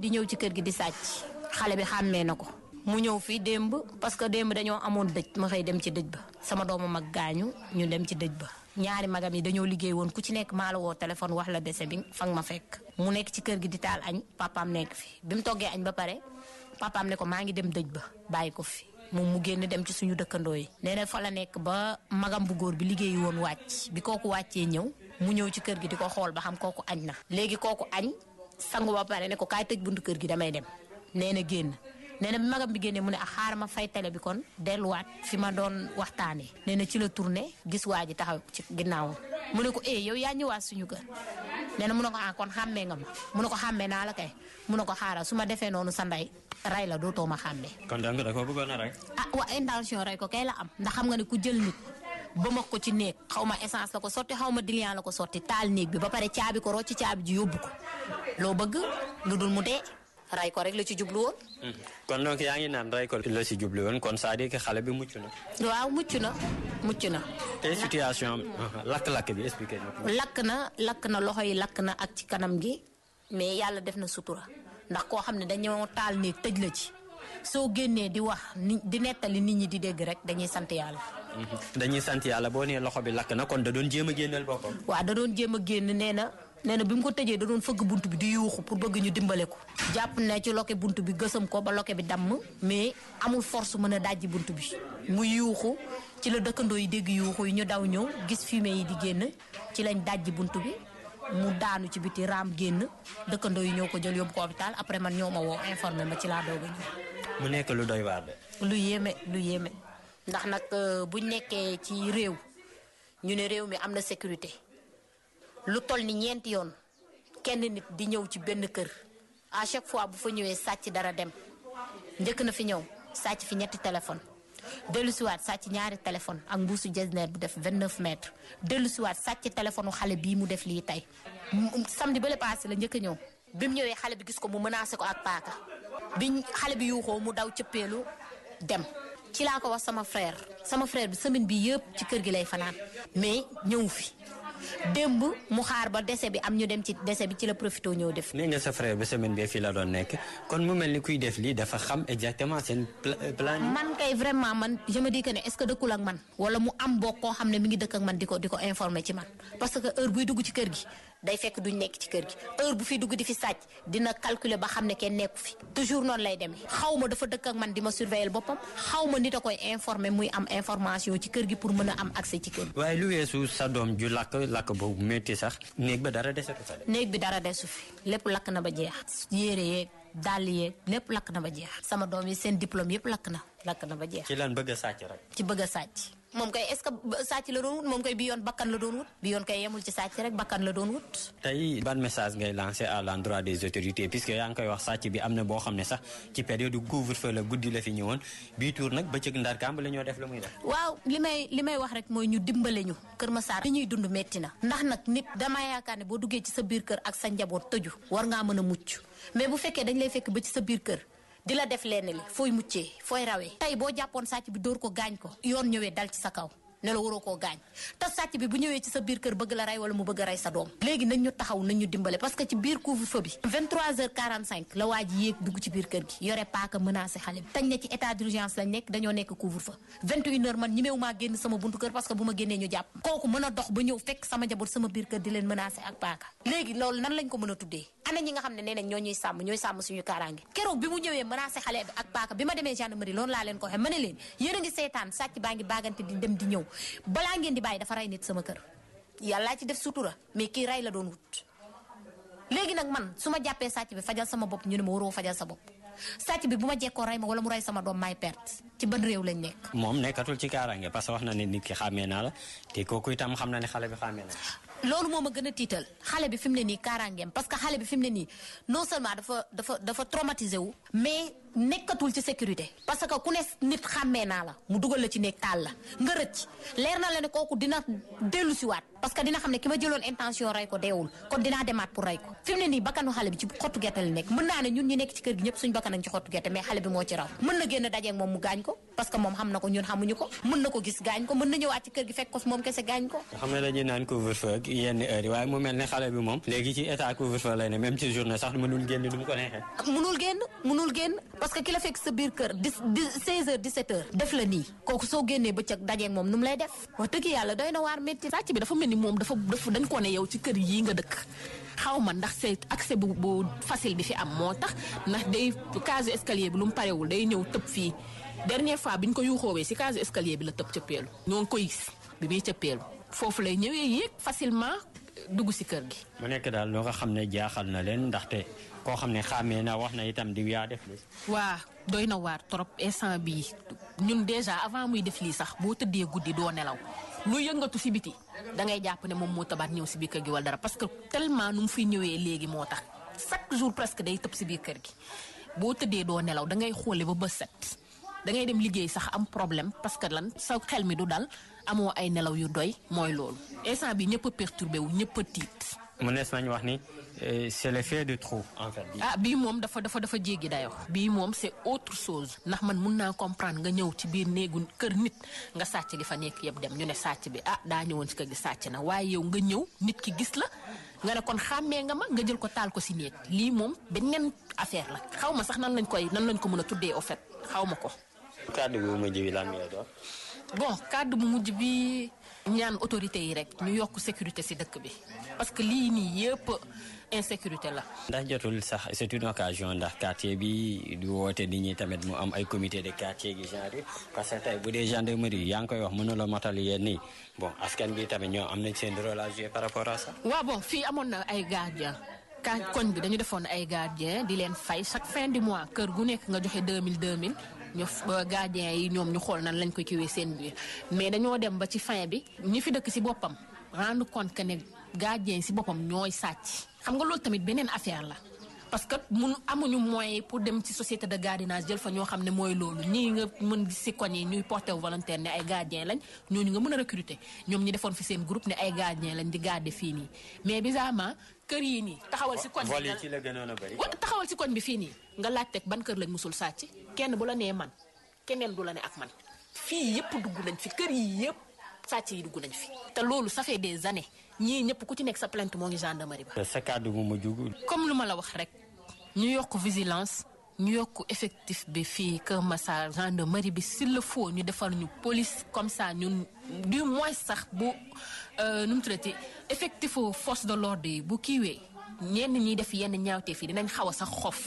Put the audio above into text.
di ñëw ci kër gi di sàcc xale bi xàmmee na ko mu ñëw fii démb parce que démb dañoo amoon dëj ma xëy dem ci dëj ba sama doomu mag gaañu ñu dem ci dëj ba ñaari magam yi dañoo liggéey woon ku ci nekk maa la woo téléphone wax la dese bi fa ma fekk mu nekk ci kër gi di taal añ papaam nekk fi bi mu toggee añ ba pare papaam ne ko maa ngi dem dëj ba bàyyi ko fi moom mu génn dem ci suñu dëkkandoo yi nee fa la nekk ba magam bu góor bi liggéey woon wàcc bi kooku wàccee ñëw mu ñëw ci kër gi di ko xool ba xam kooku añ na léegi kooku añ sangu ba pare ne ko kaay tëj buntu kër gi damay dem nee na génn nee na bi magam bi génnee mu ne a ah, xaar ma fay télé bi kon delluwaat fi ma doon waxtaanee nee na ci la tourné gis waa ji taxaw ci ginnaawam mu ne ko eh, yow yaa ñëwaat suñu kër nee na mu ne ko ah kon xàmmee nga ma mu ne ko xàmmee naa la kay mu ne ko xaaral su ma defee noonu sa ndey rey la dootoo ma xàmmee. kon da nga da koo bëggoon a ah wa intention rey ko kay la am ndax xam nga ne ku jël ba ma ko ci néeg xaw ma essence la ko sotti xaw ma diluant la ko sotti taal néeg bi ba pare caabi ko ci caabi ji yóbbu ko loo bëgg lu dul mu dee ray ko rek la ci jublu hmm. kon donc yaa ngi naan ray ko la ci jublu woon kon cest à xale bi mucc na. waaw mucc na mucc na. situation lakk-lakk bi expliqué lakk na lakk na loxo yi lakk na ak ci kanam gi mais yàlla def na sutura ndax koo xam ne dañoo taal néeg tëj la ci soo génnee di wax ni di nettali nit ñi di dégg rek dañuy sant yàlla. dañuy sant yàlla boo nee loxo bi lakk na kon da doon jéem a génneel boppam. waaw da doon jéem a génn nee na nee na bi mu ko tëjee da doon fëgg bunt bi di yuuxu pour bëgg ñu dimbale ko. jàpp ne ci loke bunt bi gësam ko ba loke bi bunt bi mu yuuxu ci la dëkkandoo yi dégg yuuxu yi ñu daw ñëw gis fumée yi di génn ci lañ dajji bunt bi. mu daanu ci biti raam génn dëkkandoo yi ñoo ko jël yóbbu ko hôpital après man ñoo ma woo informé ma ci laa doog ñëw. mu nekk lu doy waar de. lu yéeme lu yéeme. ndax nag euh, buñ nekkee ci réew ñu ne réew mi am na sécurité lu toll ni ñeenti yoon kenn nit di ñëw ci benn kër à chaque fois bu fa ñëwee sàcc dara dem njëkk na fi ñëw sàcc fi ñetti téléphone dellusiwaat sàcc ñaari téléphone ak mbuusu jesner bu def 29 mètres dellusiwaat sàcc téléphone xale bii mu def lii tey samedi bële passé la njëkk a ñëw bi mu ñëwee xale bi gis ko mu menacé ko ak paaka bi xale bi yuuxoo mu daw cëppeelu dem ci laa ko wax sama frère sama frère bi semaine bi yëpp ci kër gi lay fanaan mais ñëw fi démb mu xaar ba dese bi am ñu dem ci dese bi ci la profité ñëw def. nee nga sa frère bi semaine bee fii la doon nekk kon mu mel ni kuy def lii dafa xam exactement seen euh, plan. man kay vraiment man je me ne est ce que dëkkul ak man wala mu am bokk koo xam ne mi ngi dëkk ak man di ko di ko informé ci man parce que heure buy dugg ci kër gi day fekk duñ nekk ci kër gi heure bu fi dugg di fi sàcc dina calculer ba xam ne kenn nekku fi toujours noonu lay demee xaw ma dafa dëkk man di ma surveiller boppam xaw ma nit a koy informer muy am information ci kër gi pour mën a am accès ci kër gi. waaye lu weesu sa doom ju lakk lakk boobu métti sax néeg ba dara desetu fa néeg bi dara desu fi lépp lakk na ba jeex yére yeeg dàll yeeg lépp lakk na ba jeex sama doom yi seen diplôme yëpp lakk na lakk na ba jeex. ci lan bëgg a sàcc ci bëgg a moom kay est-ce que sàcc la doon wut moom kay bi yoon bakkan la doon wut bi yoon kay yemul ci sàcc rek bakkan la doon wut. tey ban message ngay lancé à l'endroit des autorités puisque yaa ngi koy wax sàcc bi am na boo xam ne sax ci période couvre-feu la guddi la fi ñëwoon bii tuur nag bëccëg ndar kàmb la ñoo def lu muy def. waaw li may li wax rek mooy ñu dimbale ñu Kër Massar li ñuy dund metti na ndax nag nit damay yaakaar ne boo duggee ci sa biir kër ak sa njaboot tëju war ngaa mën a mucc mais bu fekkee dañ lay fekk ba ci sa biir kër di la def lenn li fooy muccee fooy rawee tey boo jàppoon sàcc bi dóor ko gaañ ko yoon ñëwee dal ci sa kaw ne la waroo koo gaañ te sàcc bi nekk dañoo nekk couvre-feu 21h man ñimeewu maa génn sama buntu kër parce que bu ma génnee ñu jàpp kooku mën a dox ba ñëw fekk sama njaboot sama biir kër di leen menacé ak paaka léegi loolu nan lañ ko mën a tuddee ana ñi nga xam ne nee ñoo ñuy sàmm ñooy sàmm suñu kaaraange keroog bi mu ñëwee menacé xale bi ak paaka bi ma demee gendarmerie loolu laa leen ko waxee ma ne leen yéen seetaan sàcc baa ngi baagante di dem di ñëw balaa ngeen di bàyyi dafa rey nit sama kër yàllaa ci def sutura mais kii rey la doon wut. léegi nag man su ma jàppee sàcc bi fajal sama bopp ñu ne ma waroo fajal sa bopp sàcc bi bu ma jekkoo rey ma wala mu rey sama doom maay perte ci ban réew lañ nekk. moom nekkatul ci kaaraange parce que wax na ne nit ki xàmmee naa la te kooku itam xam na ne xale bi xàmmee naa loolu moom ma gën a tiital xale bi fi mu ne nii kaaraangeem parce ne nii non seulement dafa dafa dafa traumatisé wu. mais nekkatul ci sécurité. parce que ku ne nit xàmmee naa la mu dugal la ci nekk taal la nga rëcc leer na la ne kooku dina dellu si waat parce que dina xam ne ko ñun xamuñu ko mën na ko gis gaañ ko mën na ñëwaat ci kër gi fekk ko moom kese gaañ ko yenn heures yi waaye mu mel ne xale bi moom léegi ci état couvre-feu lay ne même ci journée sax mënul génn du génn parce que ki fekk sa biir kër di di 16h 17h def la nii kooku soo génnee bëccëg dajeeg moom nu mu lay def wax dëgg yàlla doy na waar métti. sàcc bi dafa mel ni moom dafa dafa dañ ko ne yow ci kër yii nga dëkk. xaw ma ndax c'est accès bu bu facile bi fi am moo tax ndax day case escalier bi lu mu parewul day ñëw tëb fii dernière fois bi ñu ko yuuxoowee si case escalier bi la tëb ko gis bi foofu lay ñëwee yéeg facilement dugg si kër gi. mu nekk daal loo ko xam ne jaaxal na leen ndaxte koo xam ne xàmmee na wax na itam diw yaa def li waa doy na waar trop instant bii ñun déjà avant muy def lii sax boo tëddee guddi doo nelaw lu yëngatu si biti da ngay jàpp ne moom moo tabaat ñëw si biir kër gi wala dara parce que tellement nu mu fi ñëwee léegi moo tax chaque jour presque day tëb si biir kër gi boo tëddee doo nelaw da ngay xoole ba bët set. da ngay dem liggéey sax am problème parce que lan soo xel mi du dal amoo ay nelaw yu doy mooy loolu instant bi ñëpp a perturbé wu ñëpp a tiit. mënees nañu wax ni euh, c'est l'effet de trop en fait. ah bii moom dafa dafa dafa jéggi dayoo. bii moom c'est autre chose ndax man mun naa comprendre nga ñëw ci biir néegu kër nit nga sàcc li fa nekk yëpp dem ñu ne sàcc bi ah daa ñëwoon si kër gi sàcc na waaye yow nga ñëw nit ki gis la nga ne kon xàmmee nga ma nga jël ko taal ko si néeg lii moom beneen affaire la xaw ma sax nan lañ koy nan lañ ko mën a tuddee au fait xaw ko. kàddu bu mujj bi lan lay doon. bon kàddu bu mujj bi. ñaan autorité yi rek ñu yokk sécurité ci dëkk bi parce que lii nii yëpp insécurité la. ndax jotul sax c'est une occasion ndax quartier bi di woote nit ñi tamit mu am ay comité de quartier gi genre parce que tey bu dee gendarmerie yaa ngi koy wax mënu la motal yéen nii bon askan bi tamit ñoo am nañ seen rôle jouer par rapport à ça. waaw bon fii amoon na ay gardien ka koñ bi dañu defoon ay gardien di leen fay chaque fin du mois kër gu nekk nga joxe 2000 2000. ñu gardien yi ñoom ñu xool nañ lañ ko kiwee seen biir mais dañoo dem ba ci fin bi ñu fi dëkk si boppam rendre compte que ne gardien si boppam ñooy sàcc xam nga loolu tamit beneen affaire la parce que mun amuñu moyen pour dem ci société de gardiennage jël fa ñoo xam ne mooy loolu ñii nga mën gis si koñ yi ñuy porté wu volontaire ne ay gardien lañ ñooñu nga mën a recruter ñoom ñu defoon fi seen groupe ne ay gardien lañ di garder fii nii mais bizarrement kër yi nii taxawal si koñ bi vol yi ci si koñ bi fii nii nga laajteg ban kër lañ musul sàcc kenn bu la nee man keneen du la ne ak man fii yëpp dugg nañ fi kër yi yëpp sàcc yi dugg nañ fi te loolu ça fait des années ñii ñëpp ku ci nekk sa plainte moo ngi gendarmerie ba. sa comme lu ma la wax rek. ñu yokk vigilance ñu yokk effectif bi fii Kër Massar gendarmerie bi s'il le foo ñu defar ñu police comme ça ñun du moins sax bu euh, nu mu traité effectifu force de l'ordre yi bu kiiwee ñenn ñiy def yenn ñaawteef fii dinañ xaw a sax xof.